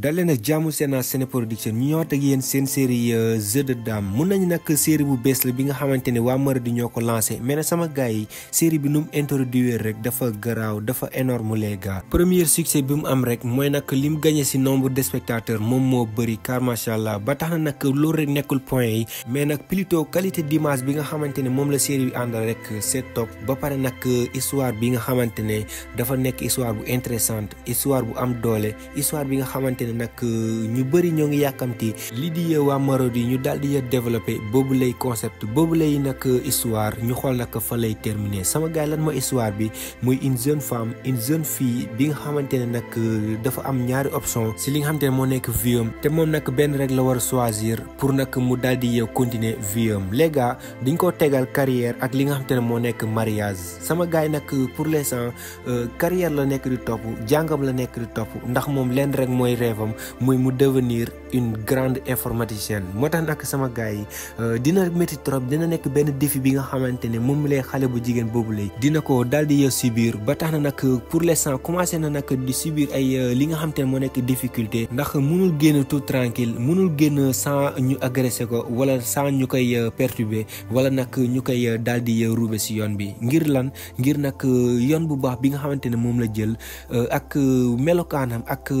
dalee nag jaamu seen Sene Production ñu ñëwaat ak yéen seen série euh, Jeux de Dames mun nañu nag série bu bees la bi nga xamante ne waa Marodi ñoo ko lancé mais nag sama gars yi série bi nu mu introduire rek dafa garaaw dafa énorme les gars premier succès bi mu am rek mooy nag li mu gagné si nombre de spectateurs moom moo bëri car macha allah ba tax na nag loolu rek nekkul point yi mais nag plutôt qualité d'image bi nga xamante ne moom la série bi àndal rek c'est top ba pare nag euh, histoire bi nga xamante ne dafa nekk histoire bu intéressante histoire bu am doole ne nag euh, ñu bëri ñoo ngi yàkkamti lii di euh, waa yi ñu daal di euh, développé boobu lay concept boobu lay nag histoire ñu xool nag fan lay terminer sama gaay lan mooy histoire bi muy une jeune femme une jeune fii bi nga xamante ne nag dafa am ñaari option si li nga xamante ne moo nekk vie te moom nag benn rek la war a choisir pour nag mu daal di continuer vie am les dañ ko tegal carrière ak li nga xamante ne moo nekk mariage sama gaay yi nag pour l'instant carrière la nekk di topp jàngam la nekk di topp ndax rêvam mooy mu devenir une grande informaticienne moo tax nag sama gars euh, dina métti trop dina nek benn défi bi nga xamante ne moom lay xale bu jigéen boobu lay dina ko daal di yow subir ba tax na nag pour l'instant commencé na nag di subir ay euh, li nga xamante ne moo nekk difficulté ndax mënul génn tout tranquille mënul génn sans ñu agressé ko wala sans ñu koy euh, perturber wala nag ñu koy daal di ruube si yoon bi ngir lan ngir nag yoon bu baax bi nga xamante ne moom la jël ak melokaanam ak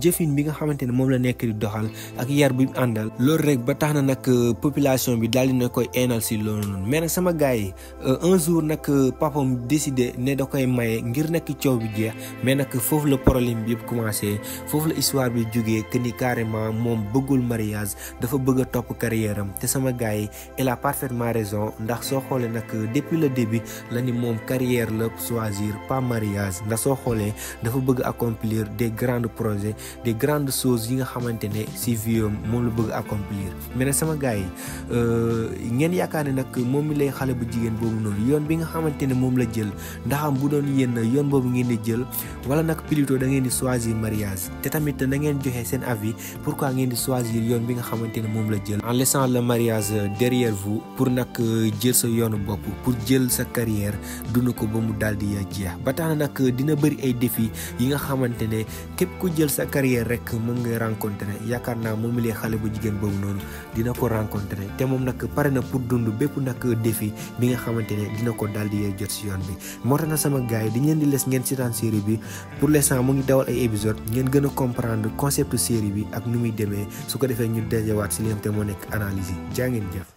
jëfin bi nga xamante ne moom la nekk di doxal ak yar bi àndal loolu rek ba tax na nag euh, population bi daal dina koy eenal si loolu noonu mais nag sama gars yi euh, un jour nag euh, papam décidé ne da koy maye ngir nag coow bi jeex mais nag foofu la problème bi yëpp commencé foofu la histoire bi jógee que ni carrément moom bëggul mariage dafa bëgg a topp carrière am te sama gars yi il a parfaitement raison ndax soo xoolee nag depuis le début la ni moom carrière la choisir pas mariage ndax soo xoolee dafa bëgg accomplir des grands projets des grands genre de choses yi nga xamante ne si vieux moom la bëgg accomplir mais nag sama gars yi euh, ngeen yaakaar ne nag moom mi lay xale bu jigéen boobu noonu yoon bi nga xamante ne moom la jël ndaxam bu doon yéen yoon boobu ngeen di jël wala nag plutôt da ngeen di choisir mariage te tamit na ngeen joxe seen avis pourquoi ngeen di choisir yoon bi nga xamante ne la jël en laissant le mariage derrière vous pour nag euh, jël sa yoonu bopp pour jël sa carrière dund ko ba mu daal jeex ba tax na dina bëri ay défi yi nga xamante képp ku jël sa carrière rek nekk moom ngay rencontré yaakaar naa moom lee xale bu jigéen boobu noonu dina ko rencontré te moom nag pare na pour dund bépp nag défi bi nga xamante ne dina ko daal di jot si yoon bi moo tax na sama gars yi dañ leen di les ngeen seetaan série bi pour l'instant mu ngi dawal ay épisode ngeen gën comprendre concept série bi ak nu muy demee su ko defee ñu dajewaat si li nga te moo nekk analyse yi jaa ngeen jëf